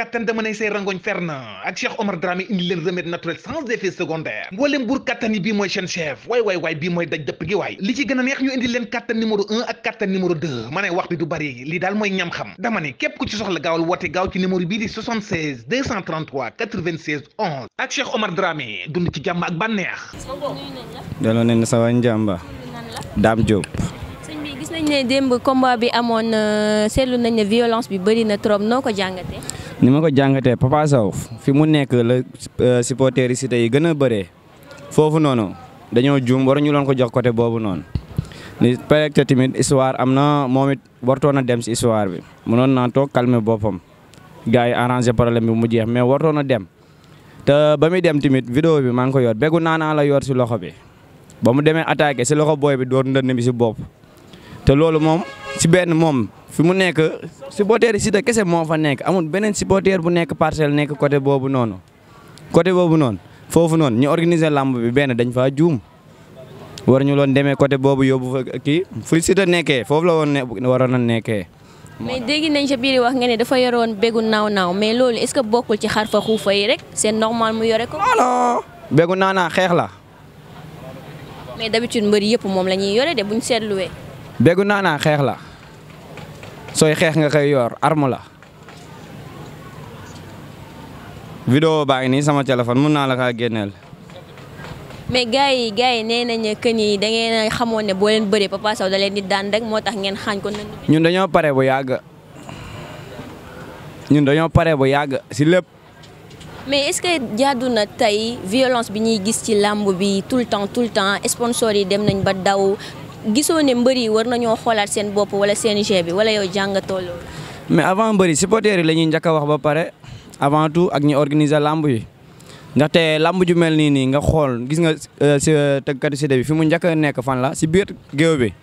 kattan dama ne say rangoñ fer na ak Cheikh Omar Dramé indi leen remède naturel sans effet secondaire mboolem buur kattan yi bii mooy seen chef waay waay bii mooy daj dëpp gi waay li ci gën a neex ñu indi leen kattan numéro ak kattan numéro deux wax bi du bari lii daal mooy ñam xam dama ne képp ku ci soxla gaawal woote gaaw ci numéro bii di ak Cheikh Omar Dramé dund ci jàmm ak bànneex. delloo nañ gis nañ ne démb combat bi amoon euh, seetlu nañ ne violence bi bëri trop noo ni ma ko jàngatee Papa Sow fi mu nekk la euh, supporters yi Cité yi gën a bëree foofu noonu dañoo juum waru ñu loon ko jox côté boobu noonu. li peut-être tamit histoire am na moomit it wartoon na dem si histoire bi mënoon naa toog calmer boppam gars yi arrangé problème bi mu jeex mais wartoon na dem te ba muy dem tamit vidéo bi maa ngi ko yor beggu naanaa la yor si loxo bi ba mu demee attaqué si loxo booy bi door ndënd bi si bopp te loolu moom. si benn moom fi mu nekk supporter yi Siteu kese moom fa nekk amul beneen supporter bu nekk parcelle nekk côté boobu noonu côté boobu noonu foofu noonu ñu organiser làmb bi benn dañ fa juum war ñu loon demee côté boobu yóbbu fa kii fu Siteu nekkee foofu la woon ne waroon a nekkee. mais dégg nañ sa biir wax nga ne dafa yoroon bégu naaw naaw mais loolu est-ce que bokkul ci xar fa xuufa yi rek c'est normal mu yore ko. non bégu naaw naa xeex la. mais d'habitude mbër yëpp moom la ñuy yore de buñ seetluwee. bégu naanaa xeex la sooy xeex nga koy yor armu la vidéo baa ngi nii sama téléphone mun naa la kaa génneel mais gars yi gars yi nee nañ que ni da ngeen xamoon ne boo leen bëree Papa Sow da leen di daan rek moo tax ngeen xaañ ko. ñun dañoo pare bu yàgg ñun dañoo pare bu yàgg si lépp. mais est-ce que jaadu na tey violence bi ñuy gis ci làmb bi tout le temps tout le temps sponsor yi dem nañ ba daw gisoo ne mbër yi war nañoo xoolaat seen bopp wala seen g bi wala yow jàngatoo loolu. mais avant mbër yi supporters yi la ñuy njëkk a wax ba pare avant tout ak ñi organiser lamb yi ndaxte lamb ju mel nii nii nga xool gis nga euh, si euh, tëggkatu Siteu bi fi mu njëkk a nekk fan la si biir géew bi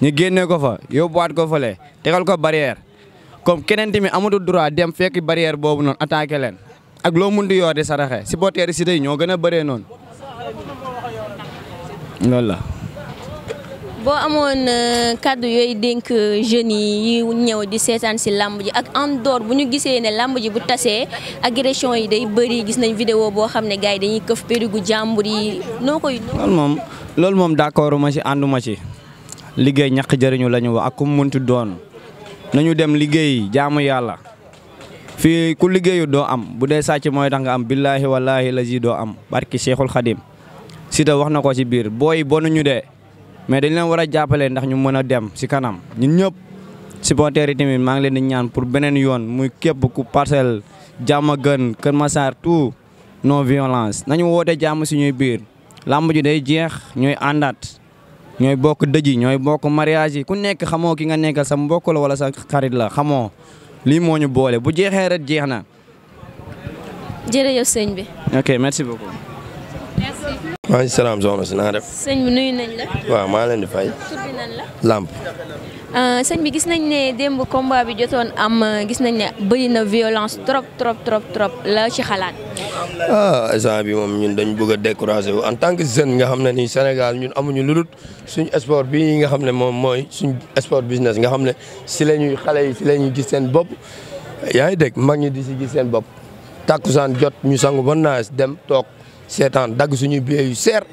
ñu génnee ko fa yóbbuwaat ko fële tegal ko barrière comme keneen tamit amatul droit dem fekk barrière boobu noonu attaqué leen ak loo mun di yor di saraxe supporters yi ñoo gën a bëree noonu loolu la. boo amoon euh, kàddu yooyu dénk jeunes yi yu ñëw di seetaan si làmb ji ak en dehors bu ñu gisee ne làmb ji bu tasee agression yi day bëri gis nañ vidéo boo xam ne gars yi dañuy këf périgu jàmbur yi noo koy. loolu moom loolu moom d'accord ma ci ànduma ci liggéey ñàkk jëriñu la ñu wax ak ku mu doon nañu dem liggéey jaamu yàlla fii ku liggéeyu doo am bu dee sàcc mooy tax nga am billaahi wallaahi la ji doo am barki Cheikhul Khadim Siteu wax na ko ci biir booy bonuñu dee. mais dañu leen war a jàppale ndax ñu mën a dem si kanam ñun ñëpp supporters yi tamit maa ngi leen di ñaan pour beneen yoon muy képp ku parcelle Diamaguène Kër Massar tout non violence nañu woote jàmm suñuy biir làmb ji day jeex ñooy àndaat ñooy bokk dëj yi ñooy bokk mariage yi ku nekk xamoo ki nga nekkal sa mbokk la wala sa xarit la xamoo lii moo ñu boole bu jeexee rek jeex na. jërëjëf sëñ bi. ok merci beaucoup. maa maaleykum salaam soxna si naa def. sëñ bi nuyu nañ la. waaw maa leen di fay. tur Lamp. Euh, sëñ bi gis nañ ne démb combat bi jotoon am gis nañ ne bëri na violence trop trop trop trop la ci xalaat. ah bi moom ñun dañ bëgg a découragé wu en tant que jeune nga xam ne nii Sénégal ñun amuñu lu dul suñu sport bii nga xam ne moom mooy suñu sport business nga xam ne si la ñuy xale yi si la gis seen bopp. yaa ngi dégg mag ñi di si gis seen bopp takkusaan jot ñu sangu ba naaj dem toog. seetaan dagg suñu billet yu seer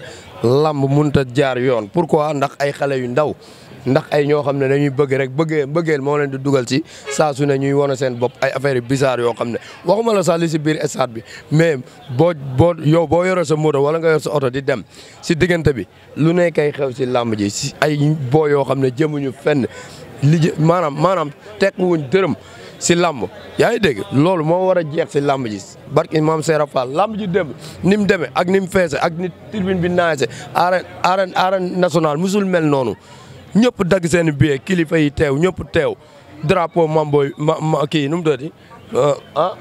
làmb mënut a jaar yoon pour pourquoi ndax ay xale yu ndaw ndax ay ñoo xam ne dañuy bëgg rek bëggee bëggeel moo leen di dugal ci saa su ne ñuy wane seen bopp ay affaire yu bizarre yoo xam ne waxuma la sax li si biir stade bi mais boo boo yow boo yoree sa moto wala nga sa oto di dem si diggante bi lu ne kay xew si làmb ji si ay boo yoo xam ne jëmuñu fenn li maanaam maanaam tekkuwuñ dërëm. si lamb yaa ngi dégg loolu moo war a jeex si làmb ji barki maam Seera Fall làmb dem ni mu demee ak ni mu feese ak ni tribune bi naase arène arène arène mel noonu ñëpp dagg seen billet kilifa yi teew ñëpp teew drapeau mamboy ma kii nu mu doon euh, ah.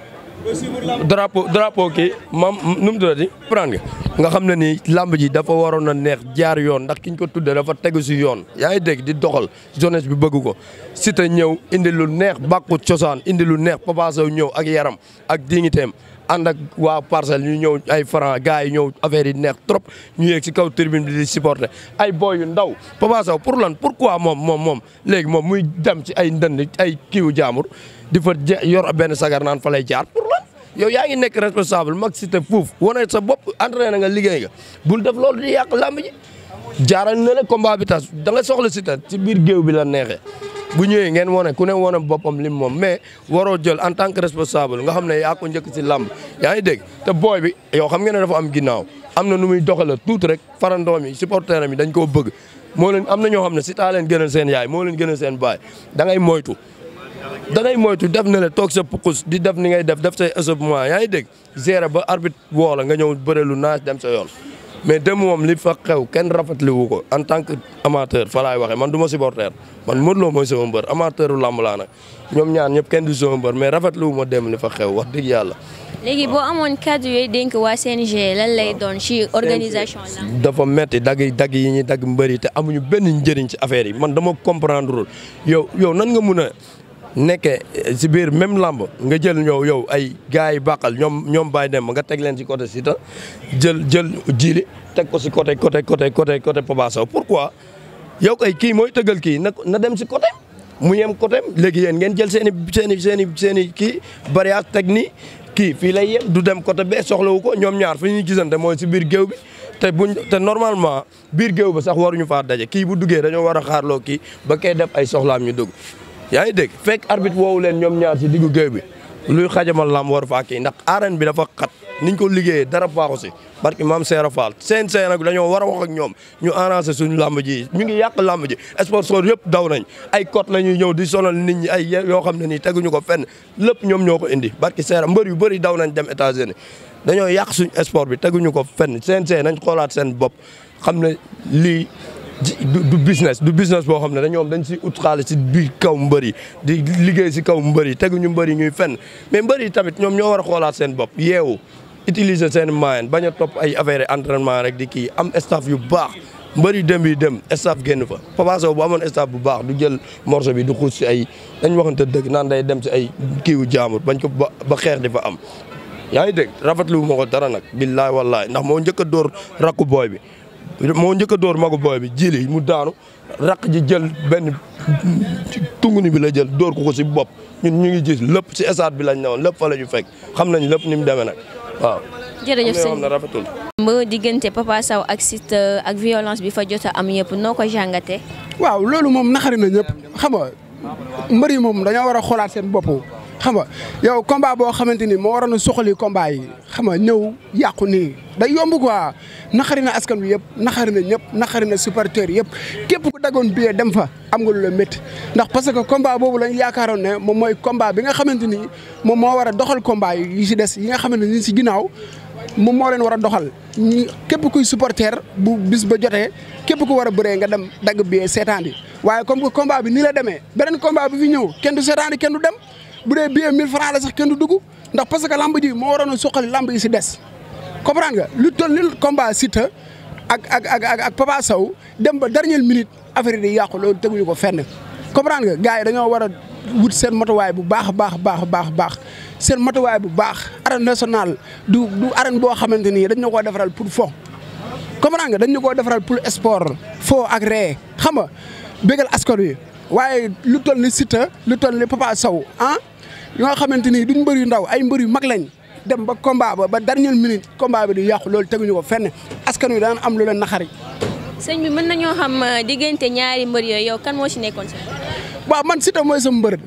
drapeau drapeau ki maam nu mu tuddati prendre nga xam ne ni làmb ji dafa waroon a neex jaar yoon ndax ki ñu ko tuddee dafa tegu si yoon yaa ngi dégg di doxal jeunesse bi bëggu ko si te ñëw indi lu neex bàkku cosaan indi lu neex Papa Sow ñëw ak yaram ak digniteem ànd ak waa parcelle ñu ñëw ay franc gars yi ñëw affaire yi neex trop ñu yegg si kaw tribune bi di supporter ay boy yu ndaw Papa Sow pour lan pourquoi moom moom moom léegi moom muy dem ci ay ndënd ay kiiwu jaamur di fa yor benn sagar naan fa lay jaar pour lan yow yaa ngi nekk responsable mag si te fuuf wane sa bopp entraîné nga liggéey nga bul def loolu di yàq làmb ji jaaral na la combat bi tas da nga soxla si te ci biir géew bi la neexee bu ñëwee ngeen wane ku ne wane boppam lim moom mais waroo jël en tant que responsable nga xam ne yaa ko si làmb yaa ngi dégg te booy bi yow xam ngeen ne dafa am ginnaaw am na nu muy doxala tuuti rek farandoom yi supporter am yi dañ koo bëgg moo leen am na ñoo xam ne si taa leen gënal seen yaay moo leen gënal seen baay da ngay dangay moytu def na la toog sa pukus di def ni ngay def def say échauffement yaa ngi dégg gérer ba arbitre woo nga ñëw bëre lu naaj dem sa yoon. mais dem moom li fa xew kenn rafetliwu ko en tant que amateur fa laay waxee man du ma supporter man Modou Lo mooy sama mbër amateuru làmb laa nag ñoom ñaar ñëpp kenn du sama mbër mais rafetliwu ma dem li fa xew wax dëgg yàlla. léegi boo amoon kàddu yooyu dénk waa CNG lan lay dagg dagg yi ñuy dagg mbëri te amuñu benn njëriñ ci affaire yi man dama comprendre yow yow nan nga mun a. nekkee eh, si biir même làmb nga jël ñëw yow ay gars yi bàqal ñoom ñoom bàyyi dem nga teg leen si si Siteu jël jël jiili teg ko si côté côté côté côté côté Papa Sow pourquoi yow kay kii mooy tëggal kii na na dem si côté mu yem côté léegi yéen ngeen jël seeni i seen i seen kii bariage teg nii kii fii lay yem du dem côté bee soxlawu ko ñoom ñaar fi ñuy gisante mooy si biir géew bi te buñ te normalement biir géew bi sax waruñu faa daje kii bu duggee dañoo war a xaarloo kii ba kay def ay soxlaam ñu dugg yaa ngi dégg fekk arbitre woowu leen ñoom ñaar si diggu géew bi luy xajamal lam war fa kii ndax arène bi dafa xat niñ ko liggéeyee dara baaxu si parce que maam Seera Fall seen seen nag dañoo war a wax ak ñoom ñu arrangé suñu làmb ji ñu ngi yàq làmb ji sponsor yëpp daw nañ ay cote la ñuy ñëw di sonal nit ñi ay yoo xam ne nii teguñu ko fenn lépp ñoom ñoo ko indi parce que Seera yu bëri daw nañ dem États-Unis dañoo yàq suñu sport bi teguñu ko fenn seen seen nañ xoolaat seen bopp xam ne lii du business du business boo xam ne dañoom dañ si ut xaalis si biir kaw mbëri di liggéey si kaw mbëri teguñu mbëri ñuy fen mais mbëri tamit ñoom ñoo war a xoolaat seen bopp yeewu utiliser seen moyen bañ a topp ay affaire entraînement rek di kii am staff yu baax mbëri dem yi dem staff génn fa Papa Sow bu amoon staff bu baax du jël morceau bi du xuus si ay dañ waxante dëgg naan day dem si ay kiiwu jaamur bañ ko ba xeex di fa am yaa ngi dégg rafetlu wu ma ko dara nag billaay wallaay ndax moo njëkk a dóor rakku booy bi moo njëkk a dóor magu booy bi jili mu daanu raq ji jël benn tunguni bi la jël dóor ko ko si bopp ñun ñu ngi gis lépp si stade bi lañ ne woon lépp fa la ñu fekk xam nañu lépp ni mu demee nag waaw. jërëjëf sëñ na rafetul. ba diggante Papa Sow ak Siteu ak violence bi fa jot a am yëpp noo ko jàngatee. waaw loolu moom naxari na ñëpp xam nga mbër yi moom dañoo war a xoolaat seen bopp. xam nga yow combat boo xamante ni moo waroon a soxali combat yi xam nga ñëw yàqu nii day yomb quoi naxari na askan bi yëpp naxari na ñëpp naxari na supporteur yëpp képp ku dagoon billet dem fa am nga lu la métti ndax parce que combat boobu lañ yaakaaroon ne moom mooy combat bi nga xamante ni moom moo war a doxal combat yi yi si des yi nga xamante ni si ginnaaw moom moo leen war a doxal ñi képp kuy supporter bu bis ba jotee képp ku war a bëree nga dem dagg billet seetaan yi waaye comme que bi nii la demee beneen combat bi fi ñëw kenn du seetaan kenn du dem bu dee billet 1000 francs la sax kenn du dugg ndax parce que lamb ji moo waroon a suqali lamb yi si des. comprendre nga lu toll ni combat Siteu ak ak ak ak Papa Sow dem ba dernière minute affaire yi di yàqu loolu teguñu ko fenn comprendre nga gars yi dañoo war a wut seen matuwaay bu baax a baax baax baax baax seen matuwaay bu baax arène nationale du du arène boo xamante ni dañ ñu ko defaral pour fo. comprendre nga dañ ñu koo defaral pour sport fo ak ree xam nga bégal askan waaye lu toll ni Siteu toll ni Papa Sow ah. yoo nga xamante ni duñ mbër yu ndaw ay mbër yu mag lañ dem ba combat ba ba dernière minute combat bi di yàqu loolu teguñu ko fenn askan wi daan am lu leen naxari. sëñ bi mën nañoo xam uh, diggante ñaari mbër yooyu yow kan moo ci nekkoon si. waaw man si Siteu mooy sa mbër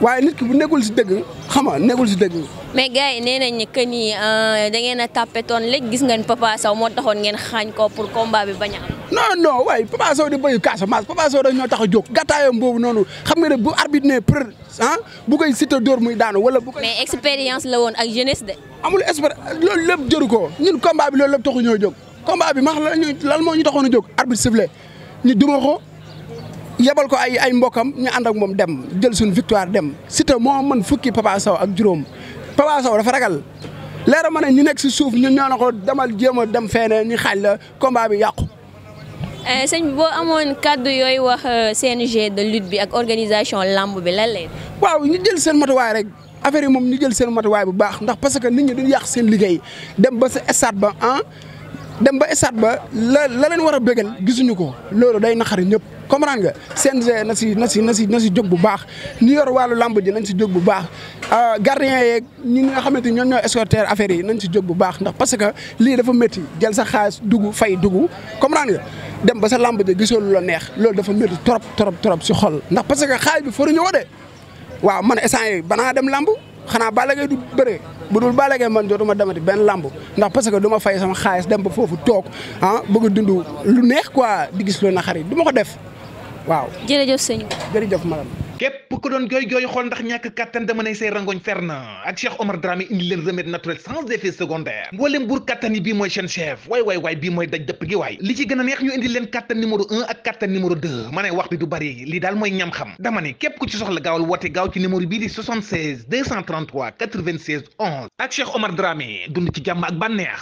waaye nit ki bu nekkul si dëgg xam nga nekkul si dëgg. mais gars yi nee nañ que ni euh, da ngeen a tapetoon léegi gis ngeen Papa Sow moo taxoon ngeen xaañ ko pour combat bi bañ a am. non non waaye Papa Sow di béyu Casamance Papa Sow dañoo tax a jóg gàttaayam boobu noonu xam nga ne bu arbitre ne pré ah bu koy Siteu muy daanu wala bu koy. mais expérience la woon ak jeunesse de. amul expérience loolu lépp jëru ko ñun combat bi la lépp taxu ñoo jóg combat bi max lan lan moo ñu taxoon a jóg arbitre sifflé ñu duma ko. yebal ko ay ay mbokkam ñu ànd ak moom dem jël suñu victoire dem Siteu moo man fukki Papa Sow ak juróom Papa Sow dafa ragal leera ma ne ñu nekk si suuf ñun ñoo na ko demal jéem a dem feneen ñu xaaj la combat bi yàqu. Eh, sëñ boo amoon kàddu yooyu wax seen euh, CNG de lutte bi ak organisation lamb bi lan lay. waaw ñu jël seen matuwaay rek affaire yi moom ñu jël seen matuwaay bu baax ndax parce que nit ñi duñ yàq seen liggéey dem ba sa stade ba ah dem ba stade ba la la war a bégal gisuñu ko loolu day naxari ñëpp. comprendre nga CNG na si na si na si na si jóg bu baax ñi yor wàllu lamb ji nañ si jóg bu baax euh, gardien yeeg ñi nga xamante ni ñoom ñoo escorter affaire yi nañ si jóg bu baax ndax parce que lii dafa métti jël sa xaalis dugg fay dugg comprendre nga dem ba sa lamb ji gisoo lu la neex loolu dafa métti trop trop trop si xol ndax parce que xaalis bi faruñu woo de waaw man instant banaa dem lamb xanaa Balla Gaye du bëre bu dul Balla Gaye man dootuma demati benn lamb ndax parce que du fay sama xaalis dem ba foofu toog ah bëgg a dund lu neex quoi di gis lu naxari du ma ko def waaw jërëjëf sëñ bi jërëjëf madame. képp ko doon jooy jooy xool ndax ñàkk kattan dama ne say rangoñ fer na ak Cheikh Omar Dramé indi leen remède naturel sans buur kattan yi bii mooy seen chef waay waay bii mooy daj dëpp gi waay li ci gën a neex ñu indi leen kattan numéro un ak kattan numéro deux wax bi du bari lii daal mooy ñam xam dama ne képp ku ci soxla gaawal woote gaaw ci numéro bii di 76 233 96 11 ak Cheikh Omar Dramé dund ci jàmm ak bànneex